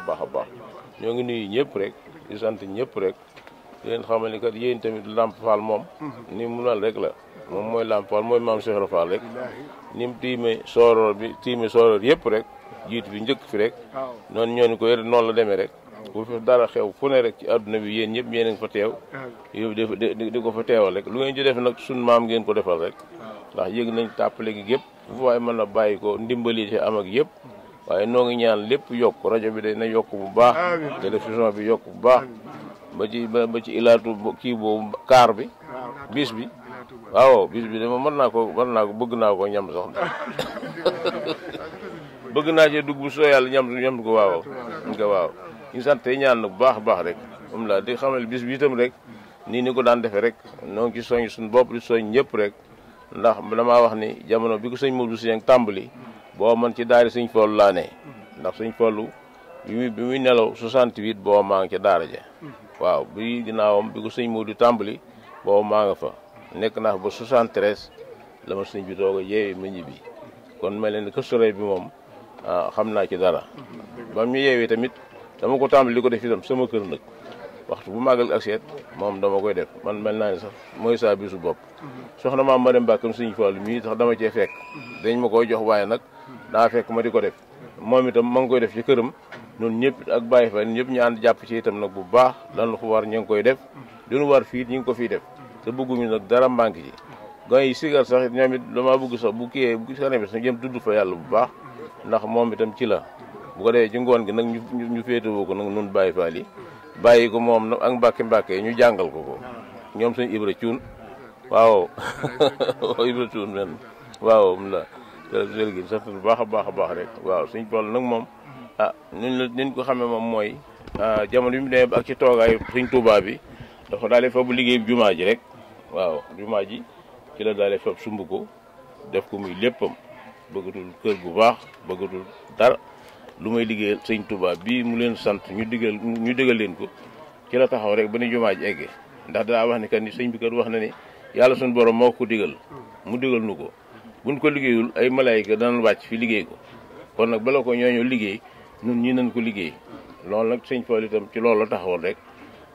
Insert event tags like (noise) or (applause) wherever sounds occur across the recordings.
baax a baax a baax ñoo ngi nuyu ñëpp rek di sant ñëpp rek leen xamal ni kat yéen tamit Lamp Fall moom ni mu nal rek la moom mooy Lamp Fall mooy maam Cheikh Fall rek ni mu tiime sooroor bi tiime sooroor yëpp rek jiitu bi njëkk fi rek noonu ñooni ko yëre noonu la demee rek bu fi dara xew fu ne rek ci àdduna bi yéen ñëpp yéen a ngi fa teew yow di ko fa teewal rek lu ngeen ci def nag suñ maam ngeen ko defal rek ndax yëg nañ tàppale gi yëpp fu waaye mën a bàyyi ko ndimbali waaye noo ngi ñaan lépp yokk rajo bi day na yokk bu baax fison bi yokk bu baax ba ci ba ci ilaatu kii boobu kaar bi bis bi waaw bis bi dama mën naa ko mën naa ko bëgg naa ko ñam sax (laughs) bëgg naa cee dugg bu soo yàlla ñam ñam ko waaw ko waaw ñu sant ñaan bu baax baax rek moom laa di xamal bis bi itam rek nii ni ko daan defee rek noo ngi ci soñ suñu bopp di soñ ñëpp rek ndax damaa wax ni jamono bi ko sëñ Modou Sy tàmbali boo man ci daari suñ foolu laa ne ndax suñ foolu bi muy bi muy nelaw boo maa ngi ca daara ja waaw bi ginnaawam bi ko sëñ du tàmbali boo maa fa nekk naa ba 73 la ma sëñ bi doog a yeewi ma ñibbi kon mel ni que soleil bi moom ah, xam naa ci dara bam ñu yeewi tamit dama ko tàmbali li ko def itam sama kër nag waxtu bu màggal ak seet moom dama koy def man mel naa ne sax mooy saa bisu bopp mhm. soxna maam ma dem bàkkam sëñ Fallu mii tax dama cee fekk mhm. dañ ma koy jox waaye nag daa fekk ma di ko def moom itam ma ngi koy def ci këram ñun ñëpp ak bàyyi fa ñëpp ñu ànd jàpp ci itam nag bu baax lan lu ko war ñu ngi koy def lu nu war fii ñu ngi ko fiy def te bëgguñu nag dara manque ci gan yi sigar sax it ñoom it damaa bëgg sax bu kiyee bu bi sax jëm tudd fa yàlla bu baax ndax moom itam ci la bu ko defee ci ngoon gi nag ñu ñu féetewoo ko nag nun bàyyi faal yi bàyyi ko moom nag ak mbàkke mbàkke yi ñu jàngal ko ñoom suñu ibra cuun waaw (laughs) ibra cuun men waaw sel gi sant bu baax a baax a baax rek waaw suñ tool nag moom ah nuñ la niñ ko xamee moom mooy ah, jamono bi mu demee ak ci toogaayu suñ Tuubaa bi dafa daal di fa bu jumaa ji rek waaw jumaa ji ci la daal di fa sumb ko def ko muy léppam bëggatul kër gu baax bëggatul dar lu may liggéey sëñ Touba bii mu leen sant ñu digal ñu digal leen ko ci la taxaw rek ba ni jumaa ji eggee ndax daa wax ni kat ni sëñ bi kat wax na ni yàlla suñu borom moo ko digal mu digal nu ko buñ ko liggéeyul ay malaayika danañ wàcc fi liggéey ko kon nag bala ko ñooñu liggéey nun ñi nañ ko liggéey loolu nag sëñ Fall itam ci loolu la taxawoon rek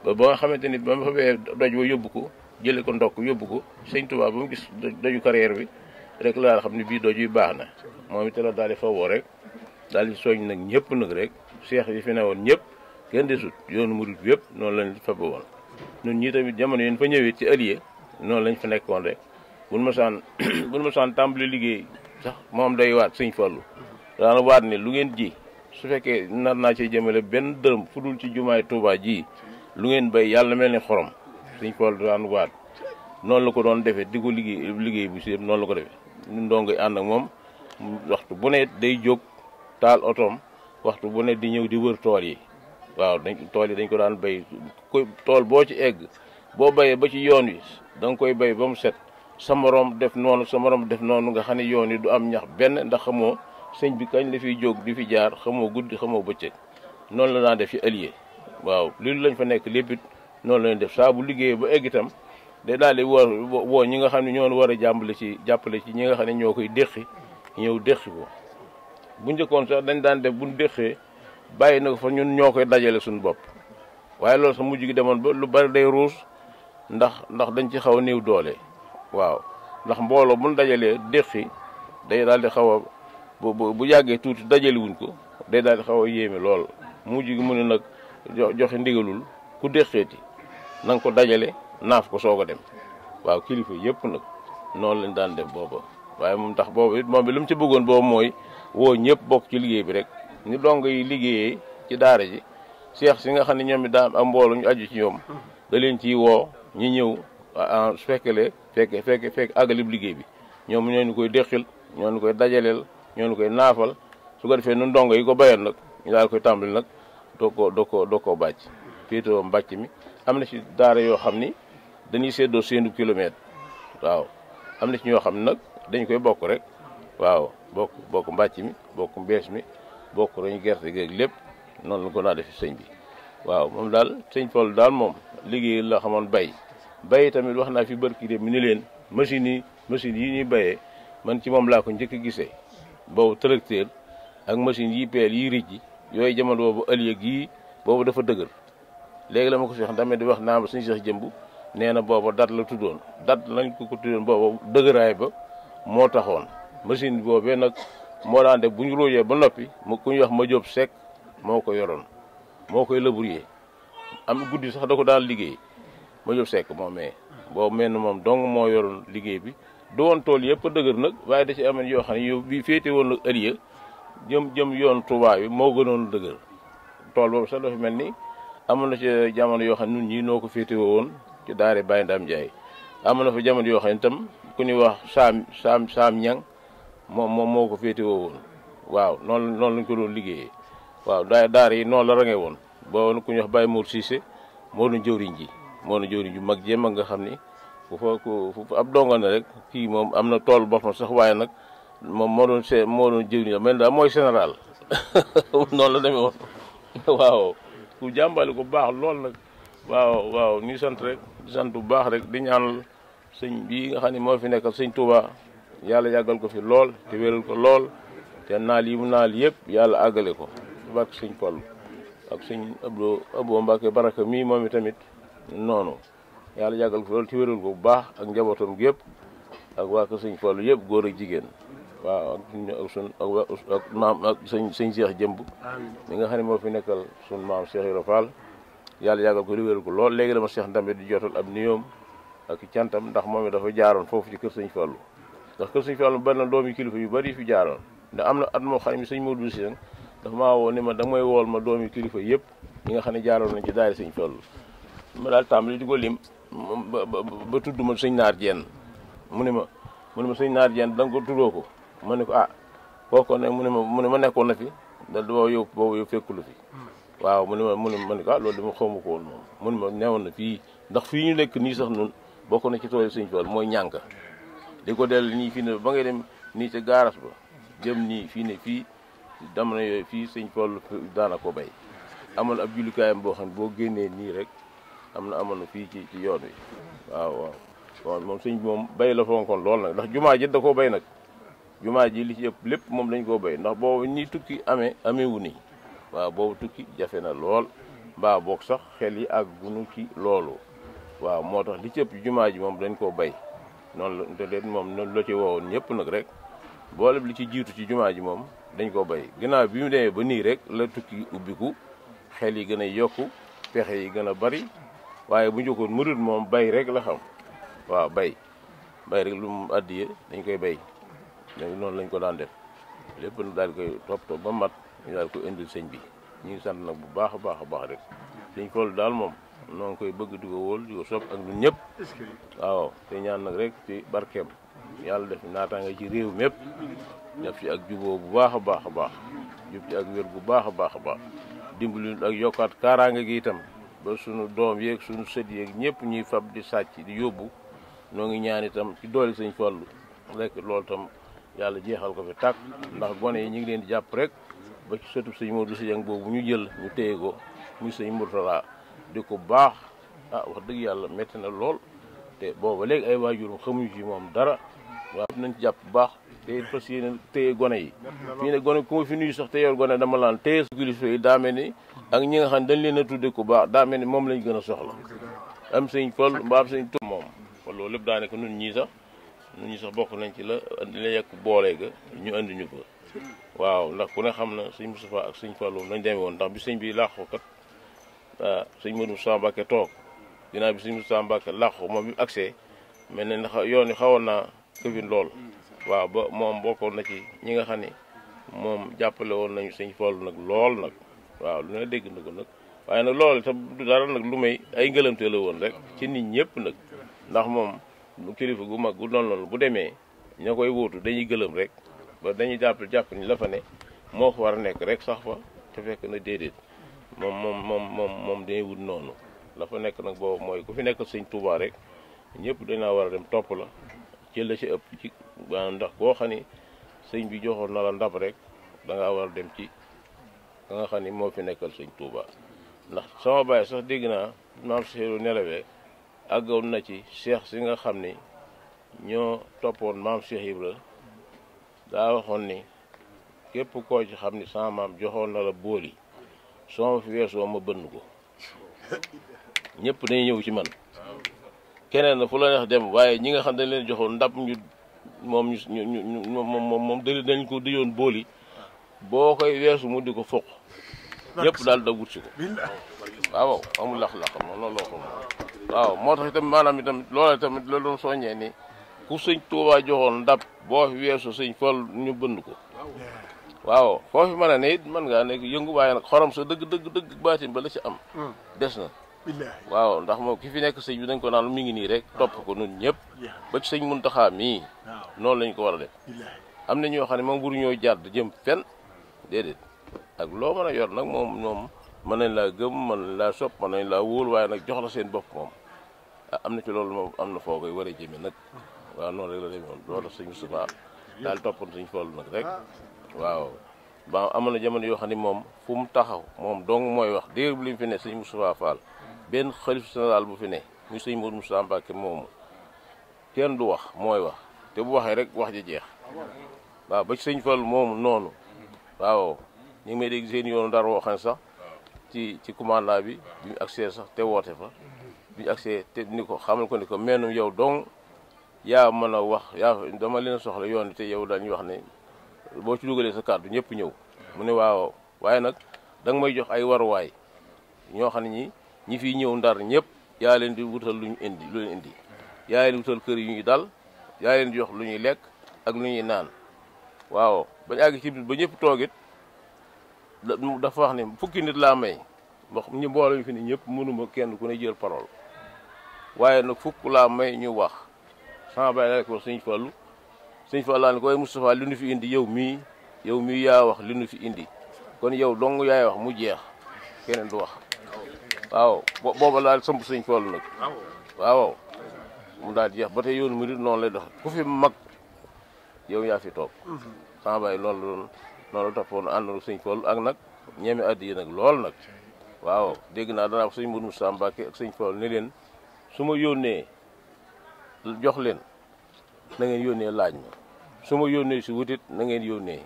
ba ba xamante ni ba ma fa bee doj ba yóbbu ko jëlee ko ndokk yóbbu ko sëñ Tuubaa ba mu gis doju carrière bi rek laa xam ne bii doj yu baax na moom itam la daal di fa rek daal di soñ nag ñëpp nag rek seex yi fi ne woon ñëpp kenn desut yoonu murit yëpp noonu lañ fa ba woon ñun ñii tamit jamono yéen fa ñëwee ci allié noonu lañ fa nekkoon rek buñ mosaan (clears throat) buñ mosaan tàmbali liggéey sax moom day waat sëñ Fallu daana waat ne lu ngeen ji su fekkee nar naa ci jëmale benn dërëm fu dul ci jumaay Touba ji lu ngeen bay yàlla mel ni xorom sëñ Fallu daan waat noonu la ko doon defee di ko liggéey liggéey bu si yëpp noonu la ko defee ñun ndongo yi ànd moom waxtu bu ne day jóg taal otom waxtu bu di ñëw di wër tool yi waaw dañ tool yi dañ ko daan béy tool boo ci egg boo béyee ba ci yoon wi da koy bay ba mu set sa morom def noonu sa morom def noonu nga xam ne yoon yi du am ñax benn ndax xamoo sëñ bi kañ la fiy jóg di fi jaar xamoo gudd xamoo bëccëg noonu la naa def ci allié waaw li lañ fa nekk lépp it noonu lañ def saa bu liggéey ba egg itam day daal di woo woo ñi nga xam ne ñoo war a jàmbale ci jàppale ci ñi nga xam ne ñoo koy déqi ñëw déqi ko bu njëkkoon sax dañ daan def buñ déqee bàyyi na ko fa ñun ñoo koy dajale suñu bopp waaye loolu sa mujj gi demoon ba lu bari day ruus ndax ndax dañ ci xaw néew doole waaw ndax mbooloo bu ñu dajalee déqi day daal di xaw a bu bu bu yàggee tuuti dajale wuñ ko day daal di xaw a yéeme lool mujj gi mu ne nag joxe ndigalul ku déqeeti na nga ko dajale naaf ko soog a dem waaw kilifa yëpp nag noonu lañ daan def booba waaye moom tax boobu it moom bi lu mu ci bëggoon boobu mooy woo ñëpp bokk ci liggéey bi rek ñu dong yi liggéeyee ci daara ji seex si nga xam ne ñoom it daa aju ci ñoom da leen ciy woo ñu ñëw en fekkale fekk fekk fekk àggalib liggéey bi ñoom ñoo ñu koy déqil ñoo ñu koy dajaleel ñoo ñu koy naafal su ko defee nun ndongo yi ko bayoon nag ñu daal koy tàmbali nag doo ko doo ko doo koo bàcc féetewoo mbàcc mi am na si daara yoo xam ni dañuy séddoo seenu kilomètre waaw am na ci ñoo xam ne nag dañ koy bokk rek waaw bokk bokk mbàcc mi bokk mbees mi bokk roñu gerte gi lépp noonu la ko naa def sëñ bi waaw moom daal sëñ Fall daal moom liggéey la xamoon bay bay tamit wax naa fi bër barki dem ni leen machines yi machines yi ñuy béyee man ci moom laa ko njëkk gisee boobu tracteur ak machines yi peel yi rij yi yooyu jamono boobu allier gii boobu dafa dëgër léegi la ma ko si wax di wax naa ba suñu sax jëmb nee na boobu dat la tuddoon dat lañ ko ko tuddoon booba dëgëraay ba moo taxoon machine bi boobee nag moo daan def bu ñu roojee ba noppi mu ku ñuy wax ma jóob sekk moo ko yoroon moo koy labourer am guddi sax da ko daan liggéey ma jób sekk moom mais boo mel ni moom dong moo yoroon liggéey bi du woon tool yëpp dëgër nag waaye da ci amoon yoo xam ne yow bi féete woon nag jëm jëm yoon Touba bi moo gënoon dëgër tool boobu sa dafa mel ni amoon na ci jamono yoo xam ne ñun ñii noo ko féete woon ci daare Baye Ndam Ndiaye ama na fa jamono yoo xam ne itam ku ñuy wax saam saam saam ñang moom moom moo ko féete woon waaw noonu noonu lañ ko doon liggéey waaw daare yi noonu la rangee woon boo woon ku ñuy wax Baye Mour Cissé moo doon jëwriñ ji moom jëwriñ ju mag jéem nga xam ni ku fa ab dongane ne rek kii moom am na tool boppam sax waaye nag moom moo doon see moo doon jëwriñ mel daal mooy général (laughs) noonu la demee woon waaw ku jàmbale ku baax lool nag waaw waaw sant rek di sant bu baax rek di ñaanal sëñ bii nga xam ne moo fi nekkal sëñ Touba yàlla yàggal ko fi lool te wéral ko lool te naal yi mu naal yëpp yàlla àggale ko barke sëñ Fallu ak sëñ Abdou Abou Mbacke baraka mii moom tamit noonu yàlla yàggal ko loolu ci wérul ko bu baax ak njabootam gi yëpp ak waa ko sëñ Fallou yëpp góor ak jigéen waaw ak sun ak maam sëñ sëñ Cheikh Jëmb mi nga xam ne moo fi nekkal sun maam Cheikh Ibra Fall yàlla yàggal ko di wéral ko lool léegi dama Cheikh Ndambe di jotal ab niyoom ak cantam ndax moom dafa jaaroon foofu ci kër sëñ Fallou ndax kër sëñ Fallou bari na doomi kilifa yu bari fi jaaroon ndax am na at moo xam ne sëñ Modou seen dafa maa woo ni ma da may wool ma doomi kilifa yëpp ñi nga xam ne jaaroon nañ ci daari sëñ Fallou ma daal tàmbali di ko lim ba ba tudd ma naar jen mu ne ma mu ne ma sëñ naar jenn da nga ko tuddoo ko ma ne ko ah kooku ne mu ne ma mu ne ma nekkoon na fi da boo yow yow fekkulu fi waaw mu ne ma mu ne ma ne ko ah loolu dama xawma ko woon moom mu ne ma newoon na fii ndax fi ñu lekk nii sax nun bokk na ci tool sëñ tool mooy ñànk di ko dell nii fii ne ba ngay dem nii ca gaaras ba jëm nii fii ne fii dama ne yooyu fii sëñ tool daana ko bay amal ab jullukaayam boo xam ne boo génnee nii rek am na amoon na fii ci ci yoon wi waaw waaw moom sëñ bi moom bay la fonkoon lool nag ndax jumaa ji da koo bay nag jumaa ji li ci yëpp lépp moom lañu ko bay ndax boobu ni tukki amee ameewu nii waaw boobu tukki jafe na lool mbaa boog sax xel yi ak gunu ci loolu waaw moo tax li ci ëpp jumaa ji moom dañ koo bay noonu la te leen moom noonu la ci woowoon ñëpp nag rek booleb li ci jiitu ci jumaa ji moom dañ ko bay ginnaaw bi mu demee ba nii rek la tukki ubbiku xel yi gën a yokku pexe yi gën a bari waaye bu njëkkoon murid moom bay rek la xam waaw bay bay rek lu mu àddiye dañ koy bay léegi noonu lañ ko daan def lépp daal koy toppatoo ba mat ñu daal koy indil sëñ bi ñu ngi sant nag bu baax a baax a baax rek sëñ Fallu daal moom noo ngi koy bëgg di ko wóol di ko ak ñun ñëpp waaw te ñaan nag rek ci barkeem yàlla def naataanga ci réew mépp def ci ak juboo bu baax a baax a baax jub ci ak wér gu baax a baax a baax ak yokkaat kaaraange gi itam ba sunu doom yéeg sunu sët yeeg ñëpp ñuy fab di sàcc di yóbbu noo ngi ñaan itam ci doole sëñ Fallu rekk loolu tam yàlla jeexal ko fi tàkk ndax gone yi ñu ngi leen jàpp rek ba ci sëñ Modou Sy Dieng boobu ñu jël ñu téye ko muy sëñ Mourtala di ko baax ah wax dëgg yàlla metti na lool te booba léegi ay waajurum xamuñu ci moom dara waaw nañ jàpp bu baax te fas yéene téye gone yi fii ne gone ku ma fi nuyu sax te yor gone dama laan téye su kilifa yi daa ni ak ñi nga xam ne dañ leen a tudde ku baax daa ni moom lañ gën a soxla am sëñ fol mbaam sëñ tu moom loolu lépp daanaka nun ñii sax nun ñii sax bokk nañ ci la la yekk boole ñu andi ko waaw ndax ku xam na sëñ Moustapha ak sëñ Fallou lañ demee woon ndax bi sëñ bi làqu kat waaw ah, sëñ Modou Moustapha toog dinaa bi sëñ Moustapha Mbacké làqu moom bi accès mel na yoon yi xawoon naa këfin lool waaw ba moom bokkoon na ci ñi nga xam ne moom jàppale woon nañu sëñ Fallou nag lool nag waaw lu ne dégg na ko nag waaye nag loolu te du dara nag lu may ay ngëlëmte la woon rek ci nit ñëpp nag ndax moom kilifa gu mag gu noonu loolu bu demee ña koy wóotu dañuy gëlëm rek ba dañuy jàpp jàpp ni la fa ne moo war a nekk rek sax te fekk na déedéet moom moom moom moom moom dañuy wut noonu la fa nekk nag boobu mooy ku fi nekk sëñ Touba rek ñëpp dañaa war a dem topp la ci la ci ëpp ci maanaam ndax koo xam ni sëñ bi joxoon na la ndab rek da ngaa war a dem ci ka nga xam ni moo fi nekkal sëñ Touba ndax sama baay sax dégg naa maam Seydou nelawee àggoon na ci seex si nga xam ni ñoo toppoon maam Cheikh Ibra daa waxoon ni képp koo ci xam ni sama maam joxoon na la bool yi soo ma fi weesoo ma bënn ko ñépp dañu ñëw ci man keneen na fu la neex dem waaye ñi nga xam dañ leen joxoon ndab ñu moom ñu ñu moom moom moom dañ ko dëjoon bool yi boo koy weesu mu di ko foq yëpp dal da wut si ko waaw amul lax-lax ma loolu loo ko waaw moo tax itam maanaam itam loola tamit la doon soññee ni ku sëñ Tuubaa joxoon ndab boo fi weesu sëñ Fall ñu bënd ko waaw foo fi mën a ne it mën ngaa nekk yëngu waaye nag xorom sa dëgg dëgg dëgg baatin ba la ci am mm. des na waaw ndax moom ki fi nekk sëñ bi dañ ko naan mi ngi nii rek top ko nun ñëpp ba ci sëñ Muntaxaa mii noonu lañ ko war a def am na ñoo xam ne moom waruñoo jàdd jëm fenn déedéet ak loo mën a yor nag moom moom mën nañ laa gëm mën nañ laa sopp mën nañ laa wóol waaye nag jox la seen bopp moom ah, am na ci loolu moom am na foo koy war a jëme nag waaw noonu rek la demee woon loolu suñu toppoon suñu fool nag rek waaw ba amoon na jamono yoo xam ne moom fu mu taxaw moom dong mooy wax déer bu fi ne sëñ Moustapha Fall benn xalif général bu fi ne muy sëñ Modou Moustapha Mbacké moomu kenn du wax mooy wax te bu waxee rek wax ji jeex waaw ba sëñ Fall moomu noonu waaw ñu ngi may dégg seen yoonu ndar woo xam sax ci ci commandement bi bi ñu accès sax te woote fa bi ñu accès te ni ko xamal ko ni ko meenum yow dong yaa mën a wax yaa dama leen soxla yoon te yow dañuy wax ne boo ci dugalee sa kàddu ñëpp ñëw mu ne waaw waaye nag da may jox ay waruwaay ñoo xam ne ñi ñi fiy ñëw ndar ñëpp yaa leen di wutal lu ñu indi lu leen indi yaa leen di wutal kër yu ñuy dal yaa leen di jox lu ñuy lekk ak lu ñuy naan waaw bañ àgg ci ba ñëpp toogit dafa wax ne fukki nit laa may wax ñu mbooloo fi ne ñëpp mënuma kenn ku ne jël parole waaye nag fukk laa may ñu wax sama baay la ko sëñ Fallu sëñ Fallu laa ne ko waaye Moustapha li nu fi indi yow mii yow mii yaa wax li nu fi indi kon yow dong yaay wax mu jeex keneen du wax waaw booba laa samp sëñ Fallu nag waaw mu daal jeex ba tey yoonu murid noonu lay dox ku fi mag yow yaa fi toog sama baay loolu loolu toppoon àndoon suñ fol ak nag ñeme addiyi nag lool nag waaw dégg naa danaa suñ Mourou Moussa Mbacke ak suñ fol ne leen su ma yónnee jox leen na ngeen yónnee laaj ma su ma yónnee si wutit na ngeen yónnee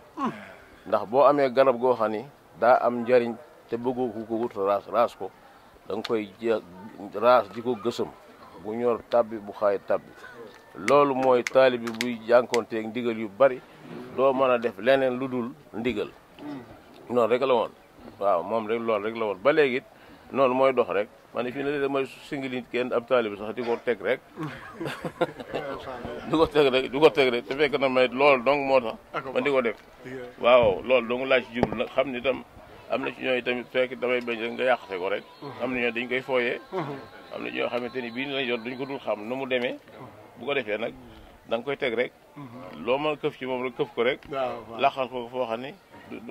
ndax boo amee garab goo xam ni daa am njariñ te bëggoo ko wut raas raas ko da nga koy raas di ko gësëm bu ñor tabbi bu xaay tabbi loolu mooy taalibi bi buy jànkoonteeg ndigal yu bari doo mën a def leneen lu dul ndigal noonu rek la woon waaw moom rek loolu rek la woon ba léegi noonu mooy dox rek man ne fii ne léeg-léeg kenn ab taali bi sax di ko teg rek (laughs) di ko teg rek di ko teg rek te fekk na may loolu dong moo tax man di ko def waaw loolu dong laaj ci jublu xam ni tam am na ci ñooy tamit fekk damay bañ rek nga yàqate ko rek am na ñoo dañ koy fooyee am na ñoo xamante ni bii ni lañ duñ ko dul xam nu mu demee bu ko defee nag da nga koy teg rek. Mhm. loo mën a këf ci moom rek këf ko rek. waaw ko foo xam ni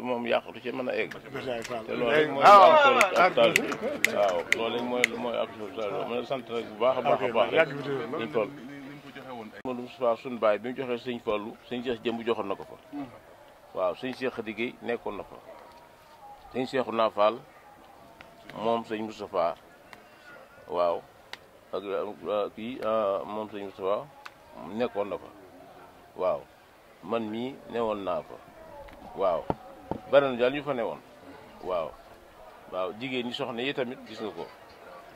moom yàq du ci mën a egg. te loolu mooy ab taal bi waaw loolu mooy mooy ab taal bi ma sant nag bu baax a baax a baax rek ñu toll. Modou Moustapha suñu baay bi joxee sëñ Fallu sëñ Seex jëmb joxoon na ko fa. Mhm. waaw sëñ Seex Xadi Gey nekkoon na fa. sëñ Seexu naa Fall moom sëñ Moustapha waaw. ak euh, kii euh, moom sëñ Moustapha nekkoon na fa waaw man mii newoon naa fa waaw bari na daal ñu fa newoon waaw waaw jigéen ñi soxna yi tamit gis nga ko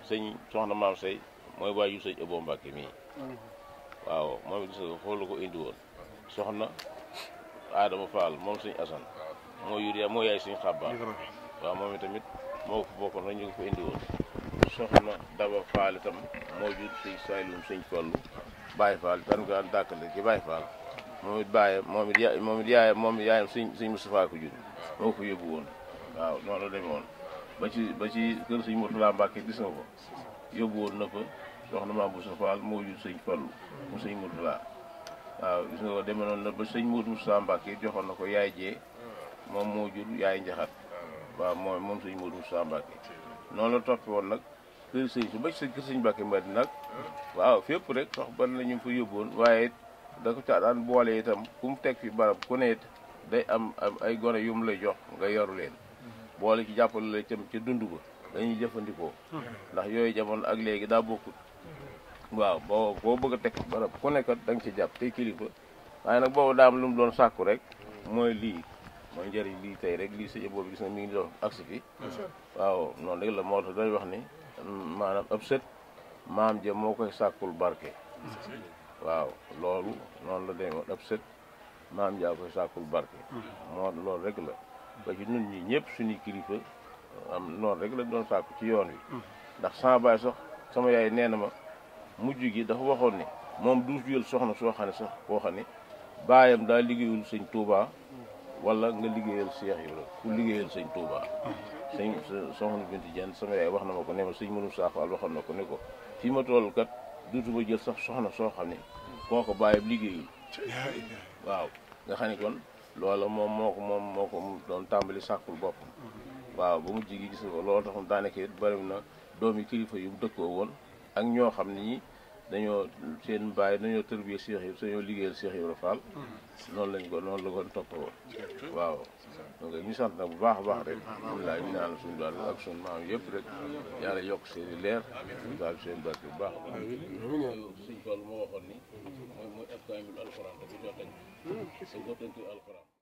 sëñ soxna maam say mooy waaju sëñ Ebo Mbàkke mii waaw moom gis indi soxna Adama Fall Asan moo yur yaa moo yaay sëñ Xàbba waaw moom i tamit moo ko bokkoon rek ñu ko fa indi woon soxna Daba Fall itam moo jur sëñ Saalum sëñ Fallu Baye Fall tan ko daan dàkkale ci Baye Fall moom it Baye moom it ya moom it yaayam moom it yaayam sëñ ba ci ba ci kër sëñ Mourtala Mbàkke gis nga ko na fa moo jur sëñ Fallu mu sëñ Mourtala waaw gis nga joxoon na ko yaay jee moom moo jur yaay njaxat waaw moom moom sëñ Mourou Moustapha Mbàkke noonu la topp woon nag kër sëñ su ba kër sëñ Mbàkke Madina nag waaw fépp rek sox ban la ñu fa yóbboon waaye da ko caa daan boole itam ku mu teg fi barab ku ne day am ay gone yu mu lay jox nga yoru boole ci jàppale la itam ca dund ba dañuy jëfandikoo ndax yooyu jamono ak léegi daa bokkut waaw boo boo bëgg a teg barab ku nekkat da nga ci jàpp tey kilifa waaye nag boobu daam lu mu doon sàkku rek mooy lii mooy njariñ lii tey rek lii sëñ boobu gis nga mi ngi doon aksi fi waaw noonu rek la moo tax day wax ni maanaam ab sët maam ja moo koy sàkkul barke waaw loolu noonu la demee woon ëpp sët maam jaa koy sàkkul barke moo loolu rek la ba ci ñi ñëpp suñu kilifa am noonu rek la doon sàkku ci yoon wi ndax sama baay sax sama yaay nee na ma mujj gi dafa waxoon ni moom du jël soxna soo xam ne sax koo xam ne baayam daa liggéeyul sëñ Touba wala nga liggéeyal Seex Ibra ku liggéeyal sëñ Touba sëñ soxna Binti Dieng sama yaay wax na ma ko ne ma sëñ mënum saafaal waxoon na ko ne ko fii ma toll kat duutuma jël sax soxna soo xam ne koo ko bàyyi liggéeyul waaw nga xam ne kon loola moom moo ko moom moo ko doon tàmbali sàkkul bopp waaw ba mu jigi gis nga ko loolu tax mu daanaka it bëri na doomi kilifa yu mu dëkkoo woon ak ñoo xam ne dañoo seen bàyyi dañoo tërbiye Cheikh yi dañoo liggéeyal seex Ibra Fall noonu lañ ko noonu la ko topp woon waaw donc ñu sant bu baax a baax rek alhamdulilah ñu naan suñu daal ak suñu maam yëpp rek yàlla yokk seen i leer daal seen barke bu baax suñ Fall moo waxoon ni mooy mooy ab kaamil